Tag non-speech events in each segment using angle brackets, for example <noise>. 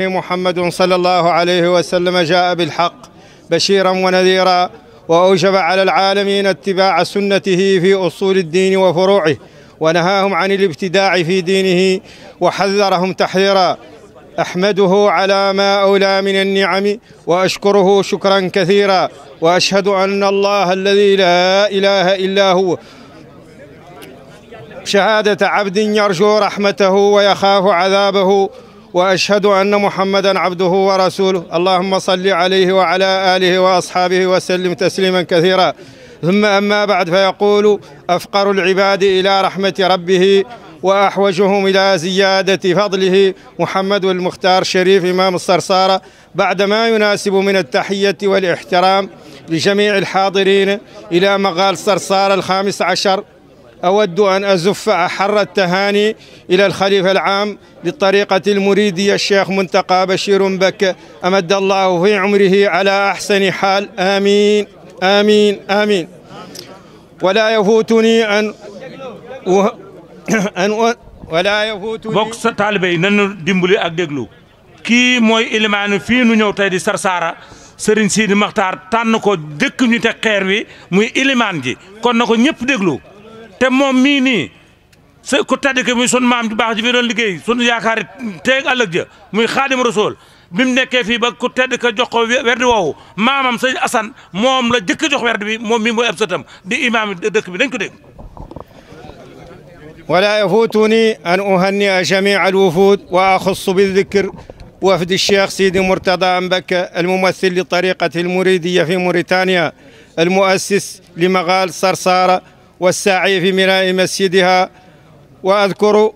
محمد صلى الله عليه وسلم جاء بالحق بشيرا ونذيرا وأوجب على العالمين اتباع سنته في أصول الدين وفروعه ونهاهم عن الابتداع في دينه وحذرهم تحذيرا أحمده على ما أولى من النعم وأشكره شكرا كثيرا وأشهد أن الله الذي لا إله إلا هو شهادة عبد يرجو رحمته ويخاف عذابه واشهد ان محمدا عبده ورسوله اللهم صل عليه وعلى اله واصحابه وسلم تسليما كثيرا ثم اما بعد فيقول افقر العباد الى رحمه ربه واحوجهم الى زياده فضله محمد المختار شريف امام الصرصاره بعد ما يناسب من التحيه والاحترام لجميع الحاضرين الى مغال صرصاره الخامس عشر أود أن أزف أحر التهاني إلى الخليفة العام للطريقة المريدية الشيخ منتقى بشير بك أمد الله في عمره على أحسن حال آمين آمين آمين ولا يفوتني أن و... <coughs> أن و... ولا يفوتني bokk sa taalibe yi nañu dimbali ak déglu kii mooy ilimaanu fii nu ñëw tey di Sarsara Serigne Sidi Makhtar tànn ko dëkk ñu teg xeer wi muy ilimaan ji kon na ko ñëpp déglu te moom mii nii se ku tedd ki muy sunu maam ju baax ji fi doon liggéey sunu yaakaar teeg ëllëg ja muy xaadim rasool bi mu nekkee fii ba ku tedd ka jox ko werdi woowu maamam sëñ Assane moom la jëkk jox werdi bi moom mii mooy ab sëtam di imaam dëkk bi dañ ko dégg ولا يفوتني أن أهنئ جميع الوفود وأخص بالذكر وفد الشيخ سيدي مرتضى أنبكة الممثل لطريقة المريدية في موريتانيا المؤسس لمغال صرصارة والساعي في ميناء مسجدها وأذكر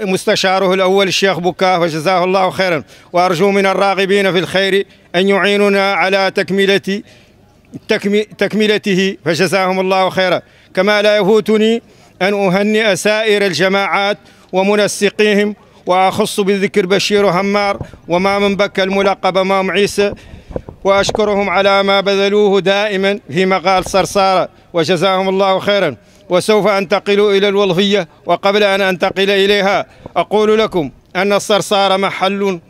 مستشاره الأول الشيخ بكاه وجزاه الله خيرا وأرجو من الراغبين في الخير أن يعيننا على تكملة تكملته فجزاهم الله خيرا كما لا يفوتني أن أهنئ سائر الجماعات ومنسقيهم وأخص بالذكر بشير همار وما من بك الملقب مام عيسى وأشكرهم على ما بذلوه دائما في مقال صرصارة وجزاهم الله خيرا وسوف أنتقل إلى الولفية وقبل أن أنتقل إليها أقول لكم أن الصرصارة محل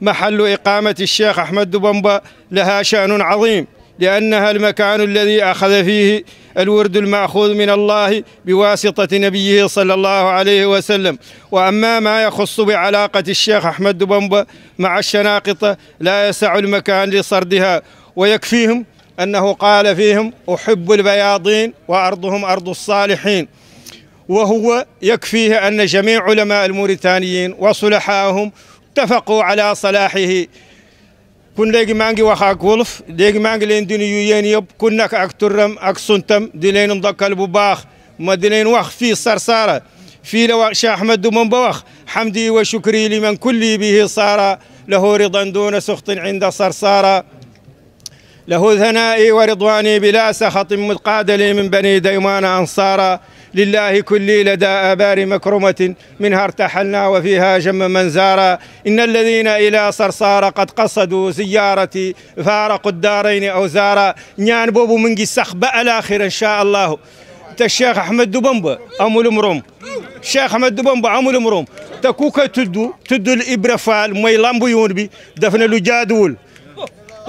محل إقامة الشيخ أحمد بمبا لها شأن عظيم لأنها المكان الذي أخذ فيه الورد المأخوذ من الله بواسطة نبيه صلى الله عليه وسلم وأما ما يخص بعلاقة الشيخ أحمد دبنبة مع الشناقطة لا يسع المكان لسردها ويكفيهم أنه قال فيهم أحب البياضين وأرضهم أرض الصالحين وهو يكفيه أن جميع علماء الموريتانيين وصلحائهم اتفقوا على صلاحه kun léegi maa ngi wax ak wolof léegi maa ngi leen di nuyu yéen yëpp ku nekk ak turam ak suntam di leen ndokkal bu baax ma di leen wax fii Sarsara fii la wax Cheikh Ahmed du moom ba wax hamdi wa shukri liman kulli bihi saara lahu ridan duna suxtin inda Sarsara lahu thanaa'i wa ridwani bila saxatin mutqaadali min bani daymaana ansaara لله كلي لدى آبار مكرمة منها ارتحلنا وفيها جم من زارا إن الذين إلى صرصار قد قصدوا زيارتي فارقوا الدارين أو زارا نيان بوبو منجي سخ بألاخر إن شاء الله الشيخ أحمد دبنبا أمو المرم cheikh ahmed dubam ba amul morom te ku koy tudd tuddul Ibra Faal mooy lambu yoon bi daf ne lu jaaduwul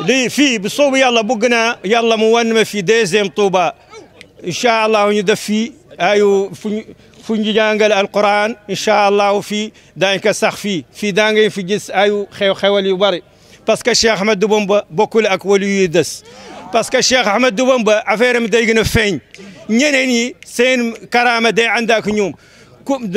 lii fii bu soobu yàlla bëgg naa yàlla mu wan ma fii deuxième Touba incha allah ñu def fii ayu fu ñu fu ñu jàngale alquran incha fii daañu sax fii fii daa ngay fi gis ayu xew-xewal yu bëri parce que Cheikh Ahmadou Bamba bokkul ak wali yuy des parce que Cheikh Ahmadou Bamba affaire am dey gën a feeñ ñeneen ñi seen karaama day ànd ak ñoom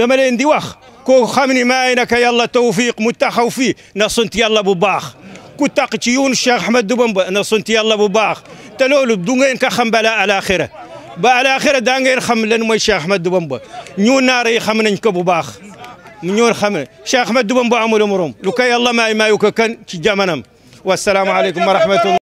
leen di wax ko xam ne maay naka yàlla tawfiq mu taxaw fii na sunt yàlla bu baax ku taq ci yoonu Cheikh Ahmadou Bamba na sunt yàlla bu baax te du ngeen ko xam bala alaxira ba alaxira daa ngeen xam lan mooy Cheikh Ahmadou Bamba ñu naara yi xam nañ ko bu baax ñu xam ne Cheikh Ahmadou Bamba amul morom lu koy yàlla may mayu ko kan ci jamanam wasalaamualeykum wa rahmatullah